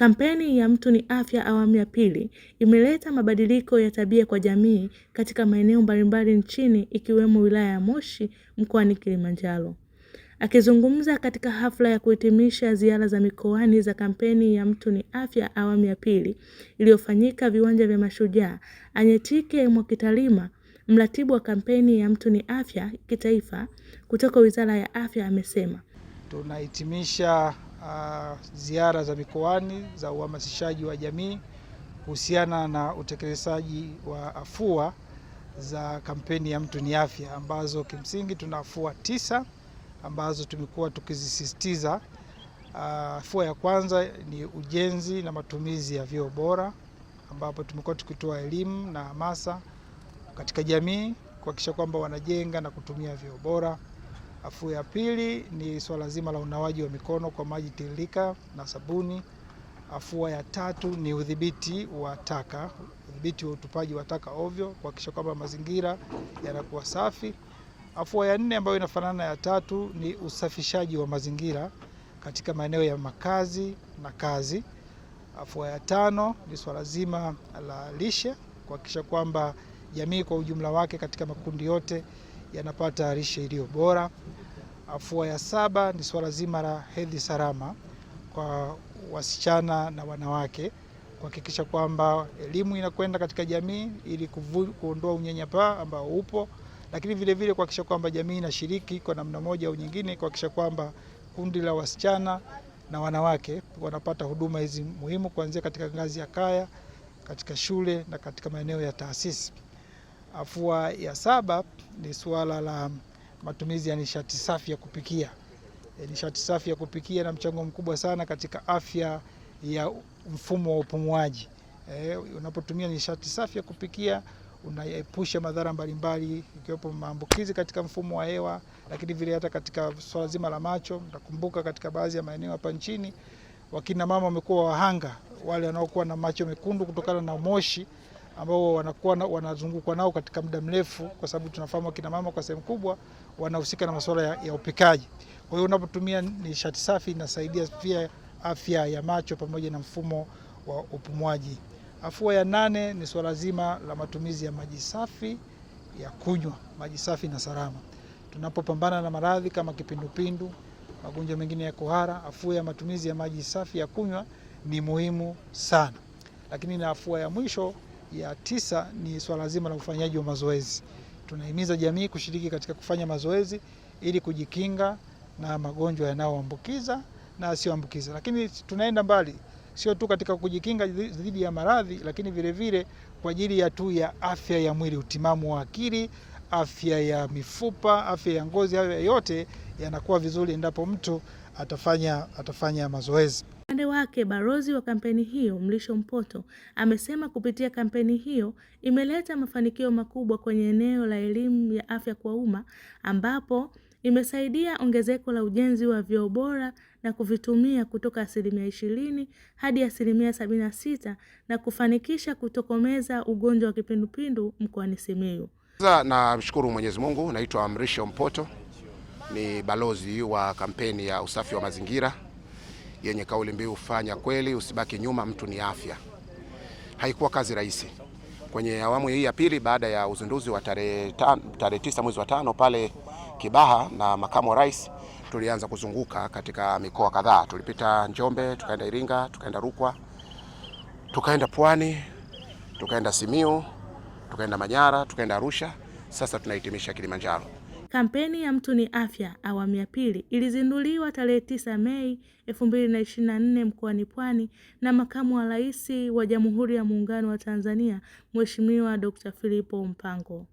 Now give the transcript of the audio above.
Kampeni ya Mtu ni Afya awamu ya pili imeleta mabadiliko ya tabia kwa jamii katika maeneo mbalimbali nchini ikiwemo wilaya ya Moshi mkoani Kilimanjaro. Akizungumza katika hafla ya kuhitimisha ziara za mikoani za kampeni ya Mtu ni Afya awamu ya pili iliyofanyika viwanja vya Mashujaa, Anyetike Mwakitalima, mratibu wa kampeni ya Mtu ni Afya kitaifa kutoka Wizara ya Afya amesema tunahitimisha Uh, ziara za mikoani za uhamasishaji wa jamii kuhusiana na utekelezaji wa afua za kampeni ya Mtu ni Afya, ambazo kimsingi tuna afua tisa ambazo tumekuwa tukizisisitiza. Uh, afua ya kwanza ni ujenzi na matumizi ya vyoo bora, ambapo tumekuwa tukitoa elimu na hamasa katika jamii kuhakikisha kwamba wanajenga na kutumia vyoo bora. Afua ya pili ni swala zima la unawaji wa mikono kwa maji tiririka na sabuni. Afua ya tatu ni udhibiti wa taka, udhibiti wa utupaji wa taka ovyo, kuhakikisha kwamba mazingira yanakuwa safi. Afua ya nne ambayo inafanana ya tatu ni usafishaji wa mazingira katika maeneo ya makazi na kazi. Afua ya tano ni swala zima la lishe, kuhakikisha kwamba jamii kwa ujumla wake katika makundi yote yanapata lishe iliyo bora. Afua ya saba ni swala zima la hedhi salama kwa wasichana na wanawake, kuhakikisha kwamba elimu inakwenda katika jamii ili kuondoa unyanyapaa ambao upo, lakini vilevile kuhakikisha kwamba jamii inashiriki kwa namna moja au nyingine kuhakikisha kwamba kundi la wasichana na wanawake wanapata huduma hizi muhimu kuanzia katika ngazi ya kaya, katika shule na katika maeneo ya taasisi. Afua ya saba ni suala la matumizi ya nishati safi ya kupikia. E, nishati safi ya kupikia na mchango mkubwa sana katika afya ya mfumo wa upumuaji. E, unapotumia nishati safi ya kupikia unaepusha madhara mbalimbali ikiwepo maambukizi katika mfumo wa hewa, lakini vile hata katika swala zima la macho. Nakumbuka katika baadhi ya maeneo hapa nchini wakina mama wamekuwa wahanga wale wanaokuwa na macho mekundu kutokana na moshi ambao wanakuwa wanazungukwa nao katika muda mrefu, kwa sababu tunafahamu akina mama kwa sehemu kubwa wanahusika na masuala ya, ya upikaji. Kwa hiyo unapotumia nishati safi inasaidia pia afya ya macho pamoja na mfumo wa upumuaji. Afua ya nane ni swala zima la matumizi ya maji safi ya kunywa, maji safi na salama. Tunapopambana na maradhi kama kipindupindu, magonjwa mengine ya kuhara, afua ya matumizi ya maji safi ya kunywa ni muhimu sana. Lakini na afua ya mwisho ya tisa ni swala zima la ufanyaji wa mazoezi. Tunahimiza jamii kushiriki katika kufanya mazoezi ili kujikinga na magonjwa yanayoambukiza na yasiyoambukiza. Lakini tunaenda mbali, sio tu katika kujikinga dhidi ya maradhi, lakini vilevile kwa ajili ya tu ya afya ya mwili, utimamu wa akili, afya ya mifupa, afya ya ngozi. Hayo yote yanakuwa vizuri endapo mtu atafanya, atafanya mazoezi upande wake, balozi wa kampeni hiyo Mlisho Mpoto amesema kupitia kampeni hiyo imeleta mafanikio makubwa kwenye eneo la elimu ya afya kwa umma ambapo imesaidia ongezeko la ujenzi wa vyoo bora na kuvitumia kutoka asilimia ishirini hadi asilimia sabini na sita na kufanikisha kutokomeza ugonjwa wa kipindupindu mkoani Simiyu. Namshukuru Mwenyezi Mungu. Naitwa Mrisho Mpoto, ni balozi wa kampeni ya usafi wa mazingira yenye kauli mbiu fanya kweli, usibaki nyuma, mtu ni afya. Haikuwa kazi rahisi kwenye awamu hii ya pili baada ya uzinduzi wa tarehe tarehe tisa mwezi wa tano pale Kibaha na makamu wa rais, tulianza kuzunguka katika mikoa kadhaa. Tulipita Njombe, tukaenda Iringa, tukaenda Rukwa, tukaenda Pwani, tukaenda Simiu, tukaenda Manyara, tukaenda Arusha. Sasa tunahitimisha Kilimanjaro. Kampeni ya Mtu ni Afya awamu ya pili ilizinduliwa tarehe 9 Mei 2024 mkoani Pwani na Makamu wa Rais wa Jamhuri ya Muungano wa Tanzania Mheshimiwa Dkt. filipo Mpango.